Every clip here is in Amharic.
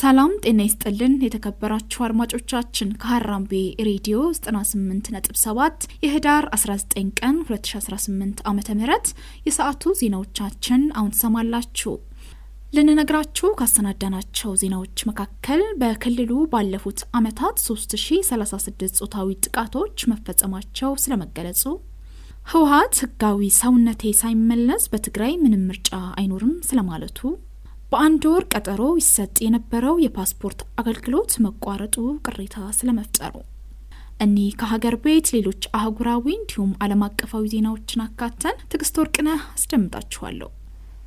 ሰላም ጤና ይስጥልን የተከበራችሁ አድማጮቻችን ከሀራምቤ ሬዲዮ 98.7 የህዳር 19 ቀን 2018 ዓ ም የሰዓቱ ዜናዎቻችን አሁን ትሰማላችሁ። ልንነግራችሁ ካሰናዳናቸው ዜናዎች መካከል በክልሉ ባለፉት ዓመታት 3036 ጾታዊ ጥቃቶች መፈጸማቸው ስለመገለጹ፣ ህወሀት ህጋዊ ሰውነቴ ሳይመለስ በትግራይ ምንም ምርጫ አይኖርም ስለማለቱ በአንድ ወር ቀጠሮ ይሰጥ የነበረው የፓስፖርት አገልግሎት መቋረጡ ቅሬታ ስለመፍጠሩ እኒህ ከሀገር ቤት ሌሎች አህጉራዊ እንዲሁም ዓለም አቀፋዊ ዜናዎችን አካተን ትዕግስት ወርቅነህ አስደምጣችኋለሁ።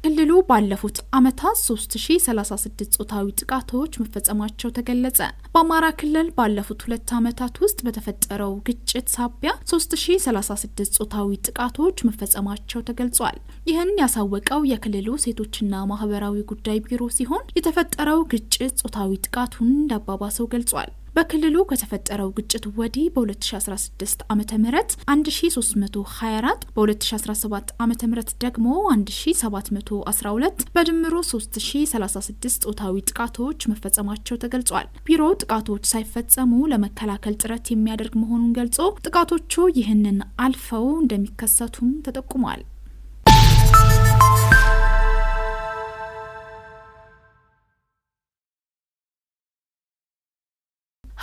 ክልሉ ባለፉት ዓመታት 3036 ጾታዊ ጥቃቶች መፈጸማቸው ተገለጸ። በአማራ ክልል ባለፉት ሁለት ዓመታት ውስጥ በተፈጠረው ግጭት ሳቢያ 3036 ጾታዊ ጥቃቶች መፈጸማቸው ተገልጿል። ይህን ያሳወቀው የክልሉ ሴቶችና ማህበራዊ ጉዳይ ቢሮ ሲሆን የተፈጠረው ግጭት ጾታዊ ጥቃቱን እንዳባባሰው ገልጿል። በክልሉ ከተፈጠረው ግጭት ወዲህ በ2016 ዓ ም 1324 በ2017 ዓ ም ደግሞ 1712 በድምሩ 3036 ጾታዊ ጥቃቶች መፈጸማቸው ተገልጿል። ቢሮው ጥቃቶች ሳይፈጸሙ ለመከላከል ጥረት የሚያደርግ መሆኑን ገልጾ ጥቃቶቹ ይህንን አልፈው እንደሚከሰቱም ተጠቁሟል።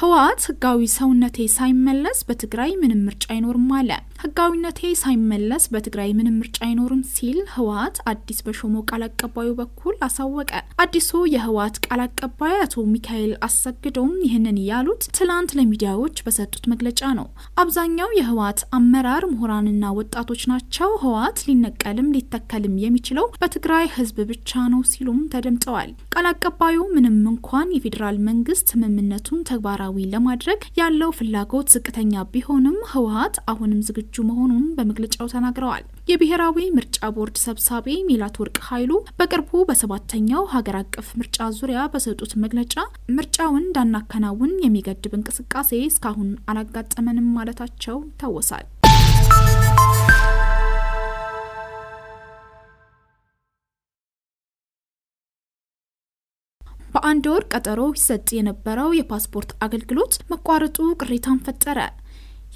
ህወሓት ህጋዊ ሰውነቴ ሳይመለስ በትግራይ ምንም ምርጫ አይኖርም አለ። ህጋዊነቴ ሳይመለስ በትግራይ ምንም ምርጫ አይኖርም ሲል ህወሓት አዲስ በሾሞ ቃል አቀባዩ በኩል አሳወቀ። አዲሱ የህወሓት ቃል አቀባይ አቶ ሚካኤል አሰግዶም ይህንን ያሉት ትላንት ለሚዲያዎች በሰጡት መግለጫ ነው። አብዛኛው የህወሓት አመራር ምሁራንና ወጣቶች ናቸው። ህወሓት ሊነቀልም ሊተከልም የሚችለው በትግራይ ህዝብ ብቻ ነው ሲሉም ተደምጠዋል። ቃል አቀባዩ ምንም እንኳን የፌዴራል መንግስት ስምምነቱን ተግባራዊ ለማድረግ ያለው ፍላጎት ዝቅተኛ ቢሆንም ህወሀት አሁንም ዝግጁ መሆኑን በመግለጫው ተናግረዋል። የብሔራዊ ምርጫ ቦርድ ሰብሳቢ ሜላትወርቅ ኃይሉ በቅርቡ በሰባተኛው ሀገር አቀፍ ምርጫ ዙሪያ በሰጡት መግለጫ ምርጫውን እንዳናከናውን የሚገድብ እንቅስቃሴ እስካሁን አላጋጠመንም ማለታቸው ይታወሳል። በአንድ ወር ቀጠሮ ይሰጥ የነበረው የፓስፖርት አገልግሎት መቋረጡ ቅሬታን ፈጠረ።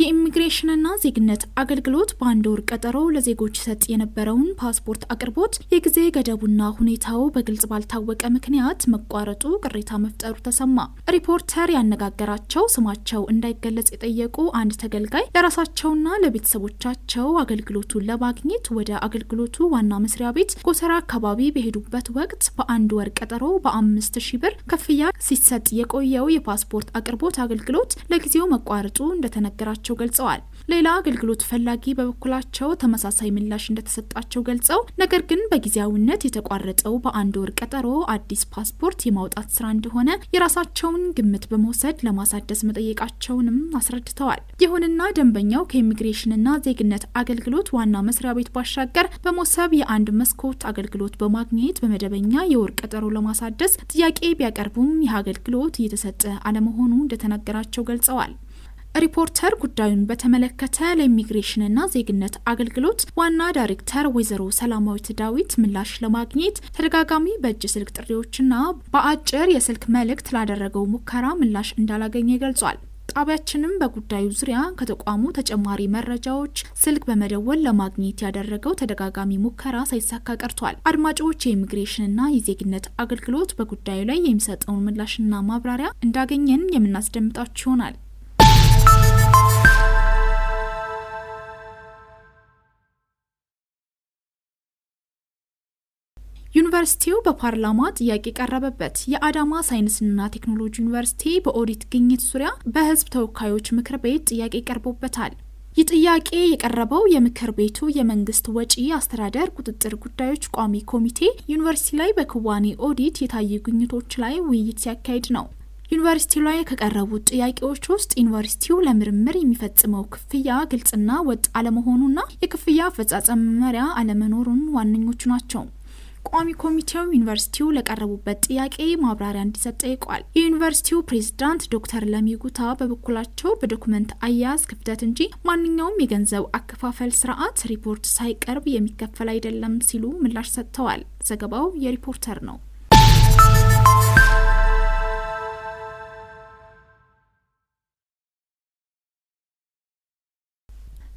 የኢሚግሬሽንና ዜግነት አገልግሎት በአንድ ወር ቀጠሮ ለዜጎች ይሰጥ የነበረውን ፓስፖርት አቅርቦት የጊዜ ገደቡና ሁኔታው በግልጽ ባልታወቀ ምክንያት መቋረጡ ቅሬታ መፍጠሩ ተሰማ። ሪፖርተር ያነጋገራቸው ስማቸው እንዳይገለጽ የጠየቁ አንድ ተገልጋይ ለራሳቸውና ለቤተሰቦቻቸው አገልግሎቱን ለማግኘት ወደ አገልግሎቱ ዋና መስሪያ ቤት ጎተራ አካባቢ በሄዱበት ወቅት በአንድ ወር ቀጠሮ በአምስት ሺህ ብር ክፍያ ሲሰጥ የቆየው የፓስፖርት አቅርቦት አገልግሎት ለጊዜው መቋረጡ እንደተነገራቸው መሆናቸው ገልጸዋል። ሌላ አገልግሎት ፈላጊ በበኩላቸው ተመሳሳይ ምላሽ እንደተሰጣቸው ገልጸው ነገር ግን በጊዜያዊነት የተቋረጠው በአንድ ወር ቀጠሮ አዲስ ፓስፖርት የማውጣት ስራ እንደሆነ የራሳቸውን ግምት በመውሰድ ለማሳደስ መጠየቃቸውንም አስረድተዋል። ይሁንና ደንበኛው ከኢሚግሬሽንና ዜግነት አገልግሎት ዋና መስሪያ ቤት ባሻገር በሞሰብ የአንድ መስኮት አገልግሎት በማግኘት በመደበኛ የወር ቀጠሮ ለማሳደስ ጥያቄ ቢያቀርቡም ይህ አገልግሎት እየተሰጠ አለመሆኑ እንደተነገራቸው ገልጸዋል። ሪፖርተር ጉዳዩን በተመለከተ ለኢሚግሬሽንና ዜግነት አገልግሎት ዋና ዳይሬክተር ወይዘሮ ሰላማዊት ዳዊት ምላሽ ለማግኘት ተደጋጋሚ በእጅ ስልክ ጥሪዎችና በአጭር የስልክ መልእክት ላደረገው ሙከራ ምላሽ እንዳላገኘ ገልጿል። ጣቢያችንም በጉዳዩ ዙሪያ ከተቋሙ ተጨማሪ መረጃዎች ስልክ በመደወል ለማግኘት ያደረገው ተደጋጋሚ ሙከራ ሳይሳካ ቀርቷል። አድማጮች የኢሚግሬሽንና የዜግነት አገልግሎት በጉዳዩ ላይ የሚሰጠውን ምላሽና ማብራሪያ እንዳገኘን የምናስደምጣችሁ ይሆናል። ዩኒቨርሲቲው በፓርላማ ጥያቄ ቀረበበት። የአዳማ ሳይንስና ቴክኖሎጂ ዩኒቨርሲቲ በኦዲት ግኝት ዙሪያ በህዝብ ተወካዮች ምክር ቤት ጥያቄ ቀርቦበታል። ይህ ጥያቄ የቀረበው የምክር ቤቱ የመንግስት ወጪ አስተዳደር ቁጥጥር ጉዳዮች ቋሚ ኮሚቴ ዩኒቨርሲቲ ላይ በክዋኔ ኦዲት የታዩ ግኝቶች ላይ ውይይት ሲያካሄድ ነው። ዩኒቨርሲቲ ላይ ከቀረቡት ጥያቄዎች ውስጥ ዩኒቨርሲቲው ለምርምር የሚፈጽመው ክፍያ ግልጽና ወጥ አለመሆኑና የክፍያ አፈጻጸም መመሪያ አለመኖሩን ዋነኞቹ ናቸው። ቋሚ ኮሚቴው ዩኒቨርሲቲው ለቀረቡበት ጥያቄ ማብራሪያ እንዲሰጥ ጠይቋል። የዩኒቨርሲቲው ፕሬዝዳንት ዶክተር ለሚጉታ በበኩላቸው በዶክመንት አያያዝ ክፍተት እንጂ ማንኛውም የገንዘብ አከፋፈል ስርዓት ሪፖርት ሳይቀርብ የሚከፈል አይደለም ሲሉ ምላሽ ሰጥተዋል። ዘገባው የሪፖርተር ነው።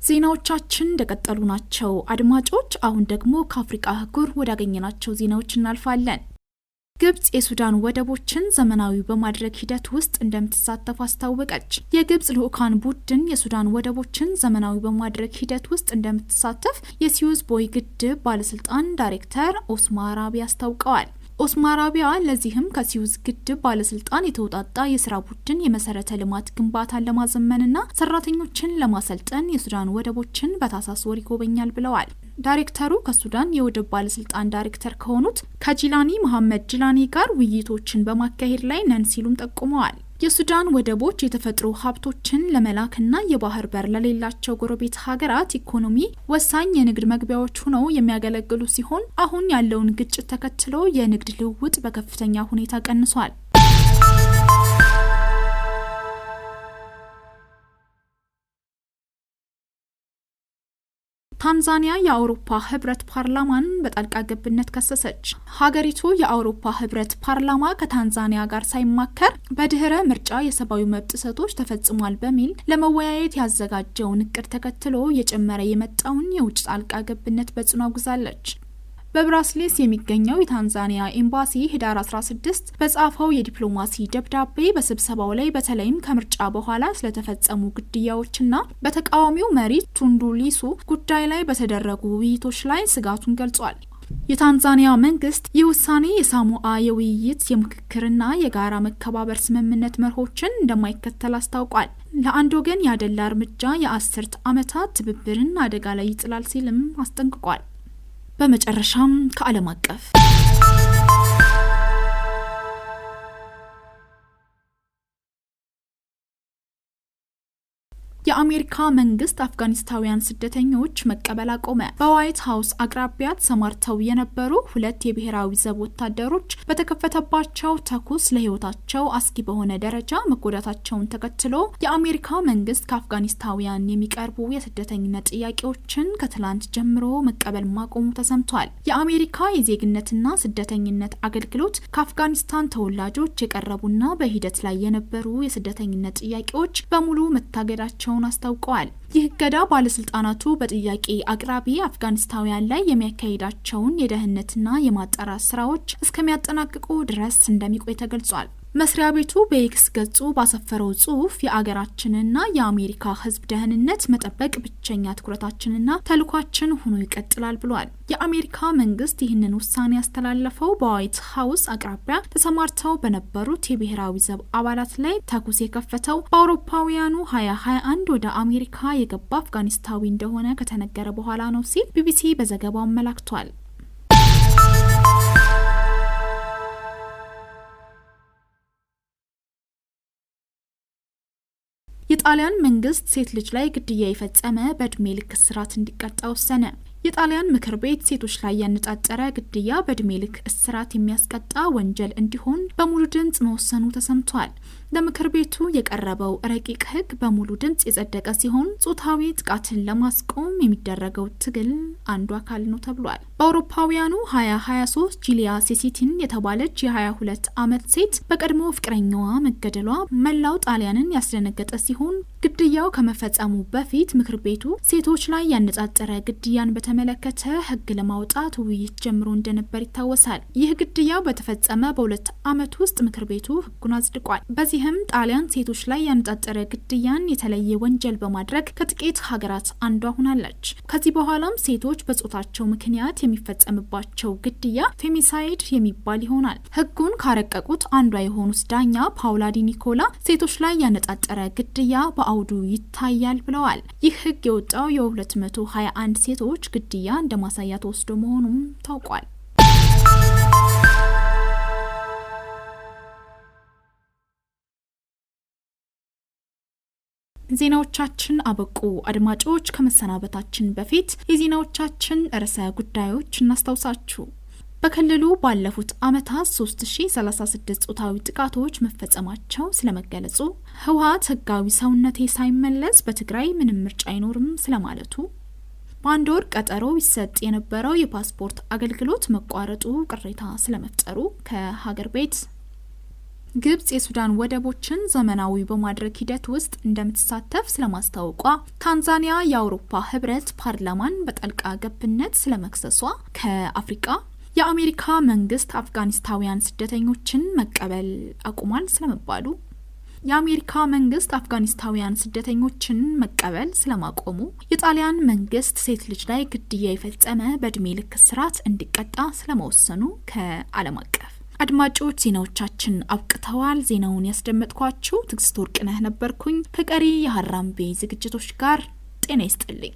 ዜናዎቻችን እንደቀጠሉ ናቸው አድማጮች። አሁን ደግሞ ከአፍሪቃ አህጉር ወዳገኘናቸው ዜናዎች እናልፋለን። ግብጽ የሱዳን ወደቦችን ዘመናዊ በማድረግ ሂደት ውስጥ እንደምትሳተፍ አስታወቀች። የግብጽ ልዑካን ቡድን የሱዳን ወደቦችን ዘመናዊ በማድረግ ሂደት ውስጥ እንደምትሳተፍ የሲዩዝ ቦይ ግድብ ባለስልጣን ዳይሬክተር ኦስማ አራቢ አስታውቀዋል። ኦስማራቢያ ለዚህም ከሲዩዝ ግድብ ባለስልጣን የተውጣጣ የስራ ቡድን የመሰረተ ልማት ግንባታን ለማዘመንና ሰራተኞችን ለማሰልጠን የሱዳን ወደቦችን በታህሳስ ወር ይጎበኛል ብለዋል። ዳይሬክተሩ ከሱዳን የወደብ ባለስልጣን ዳይሬክተር ከሆኑት ከጂላኒ መሐመድ ጂላኒ ጋር ውይይቶችን በማካሄድ ላይ ነን ሲሉም ጠቁመዋል። የሱዳን ወደቦች የተፈጥሮ ሀብቶችን ለመላክና የባህር በር ለሌላቸው ጎረቤት ሀገራት ኢኮኖሚ ወሳኝ የንግድ መግቢያዎች ሆነው የሚያገለግሉ ሲሆን አሁን ያለውን ግጭት ተከትሎ የንግድ ልውውጥ በከፍተኛ ሁኔታ ቀንሷል። ታንዛኒያ የአውሮፓ ህብረት ፓርላማን በጣልቃ ገብነት ከሰሰች። ሀገሪቱ የአውሮፓ ህብረት ፓርላማ ከታንዛኒያ ጋር ሳይማከር በድህረ ምርጫ የሰብአዊ መብት ጥሰቶች ተፈጽሟል በሚል ለመወያየት ያዘጋጀውን እቅድ ተከትሎ እየጨመረ የመጣውን የውጭ ጣልቃ ገብነት በጽኑ አውግዛለች። በብራስሌስ የሚገኘው የታንዛኒያ ኤምባሲ ህዳር 16 በጻፈው የዲፕሎማሲ ደብዳቤ በስብሰባው ላይ በተለይም ከምርጫ በኋላ ስለተፈጸሙ ግድያዎችና በተቃዋሚው መሪ ቱንዱ ሊሱ ጉዳይ ላይ በተደረጉ ውይይቶች ላይ ስጋቱን ገልጿል። የታንዛኒያ መንግስት ይህ ውሳኔ የሳሙአ የውይይት የምክክርና የጋራ መከባበር ስምምነት መርሆችን እንደማይከተል አስታውቋል። ለአንድ ወገን ያደላ እርምጃ የአስርት ዓመታት ትብብርን አደጋ ላይ ይጥላል ሲልም አስጠንቅቋል። በመጨረሻም ከዓለም አቀፍ የአሜሪካ መንግስት አፍጋኒስታውያን ስደተኞች መቀበል አቆመ። በዋይት ሀውስ አቅራቢያ ተሰማርተው የነበሩ ሁለት የብሔራዊ ዘብ ወታደሮች በተከፈተባቸው ተኩስ ለህይወታቸው አስጊ በሆነ ደረጃ መጎዳታቸውን ተከትሎ የአሜሪካ መንግስት ከአፍጋኒስታውያን የሚቀርቡ የስደተኝነት ጥያቄዎችን ከትላንት ጀምሮ መቀበል ማቆሙ ተሰምቷል። የአሜሪካ የዜግነትና ስደተኝነት አገልግሎት ከአፍጋኒስታን ተወላጆች የቀረቡና በሂደት ላይ የነበሩ የስደተኝነት ጥያቄዎች በሙሉ መታገዳቸው መሆናቸውን አስታውቀዋል። ይህ እገዳ ባለስልጣናቱ በጥያቄ አቅራቢ አፍጋኒስታውያን ላይ የሚያካሂዳቸውን የደህንነትና የማጣራት ስራዎች እስከሚያጠናቅቁ ድረስ እንደሚቆይ ተገልጿል። መስሪያ ቤቱ በኤክስ ገጹ ባሰፈረው ጽሁፍ የአገራችንና የአሜሪካ ሕዝብ ደህንነት መጠበቅ ብቸኛ ትኩረታችንና ተልኳችን ሆኖ ይቀጥላል ብሏል። የአሜሪካ መንግስት ይህንን ውሳኔ ያስተላለፈው በዋይት ሀውስ አቅራቢያ ተሰማርተው በነበሩት የብሔራዊ ዘብ አባላት ላይ ተኩስ የከፈተው በአውሮፓውያኑ 2021 ወደ አሜሪካ የገባ አፍጋኒስታዊ እንደሆነ ከተነገረ በኋላ ነው ሲል ቢቢሲ በዘገባው አመላክቷል። የጣሊያን መንግስት ሴት ልጅ ላይ ግድያ የፈጸመ በእድሜ ልክ እስራት እንዲቀጣ ወሰነ። የጣሊያን ምክር ቤት ሴቶች ላይ ያነጣጠረ ግድያ በእድሜ ልክ እስራት የሚያስቀጣ ወንጀል እንዲሆን በሙሉ ድምፅ መወሰኑ ተሰምቷል። ለምክር ቤቱ የቀረበው ረቂቅ ሕግ በሙሉ ድምፅ የጸደቀ ሲሆን ጾታዊ ጥቃትን ለማስቆም የሚደረገው ትግል አንዱ አካል ነው ተብሏል። በአውሮፓውያኑ 2023 ጂሊያ ሴሲቲን የተባለች የ22 ዓመት ሴት በቀድሞ ፍቅረኛዋ መገደሏ መላው ጣሊያንን ያስደነገጠ ሲሆን ግድያው ከመፈጸሙ በፊት ምክር ቤቱ ሴቶች ላይ ያነጣጠረ ግድያን በተ በተመለከተ ህግ ለማውጣት ውይይት ጀምሮ እንደነበር ይታወሳል። ይህ ግድያው በተፈጸመ በሁለት ዓመት ውስጥ ምክር ቤቱ ህጉን አጽድቋል። በዚህም ጣሊያን ሴቶች ላይ ያነጣጠረ ግድያን የተለየ ወንጀል በማድረግ ከጥቂት ሀገራት አንዷ ሆናለች። ከዚህ በኋላም ሴቶች በጾታቸው ምክንያት የሚፈጸምባቸው ግድያ ፌሚሳይድ የሚባል ይሆናል። ህጉን ካረቀቁት አንዷ የሆኑት ዳኛ ፓውላ ዲ ኒኮላ ሴቶች ላይ ያነጣጠረ ግድያ በአውዱ ይታያል ብለዋል። ይህ ህግ የወጣው የ221 ሴቶች ግድያ እንደ ማሳያ ተወስዶ መሆኑም ታውቋል። ዜናዎቻችን አበቁ። አድማጮች ከመሰናበታችን በፊት የዜናዎቻችን ርዕሰ ጉዳዮች እናስታውሳችሁ። በክልሉ ባለፉት ዓመታት 3036 ጾታዊ ጥቃቶች መፈጸማቸው ስለመገለጹ፣ ህወሀት ህጋዊ ሰውነቴ ሳይመለስ በትግራይ ምንም ምርጫ አይኖርም ስለማለቱ፣ በአንድ ወር ቀጠሮ ይሰጥ የነበረው የፓስፖርት አገልግሎት መቋረጡ ቅሬታ ስለመፍጠሩ ከሀገር ቤት ግብጽ የሱዳን ወደቦችን ዘመናዊ በማድረግ ሂደት ውስጥ እንደምትሳተፍ ስለማስታወቋ፣ ታንዛኒያ የአውሮፓ ህብረት ፓርላማን በጠልቃ ገብነት ስለመክሰሷ፣ ከአፍሪቃ የአሜሪካ መንግስት አፍጋኒስታውያን ስደተኞችን መቀበል አቁሟል ስለመባሉ የአሜሪካ መንግስት አፍጋኒስታውያን ስደተኞችን መቀበል ስለማቆሙ፣ የጣሊያን መንግስት ሴት ልጅ ላይ ግድያ የፈጸመ በእድሜ ልክ እስራት እንዲቀጣ ስለመወሰኑ ከዓለም አቀፍ አድማጮች ዜናዎቻችን አብቅተዋል። ዜናውን ያስደመጥኳችሁ ትግስት ወርቅነህ ነበርኩኝ። ከቀሪ የሀራምቤ ዝግጅቶች ጋር ጤና ይስጥልኝ።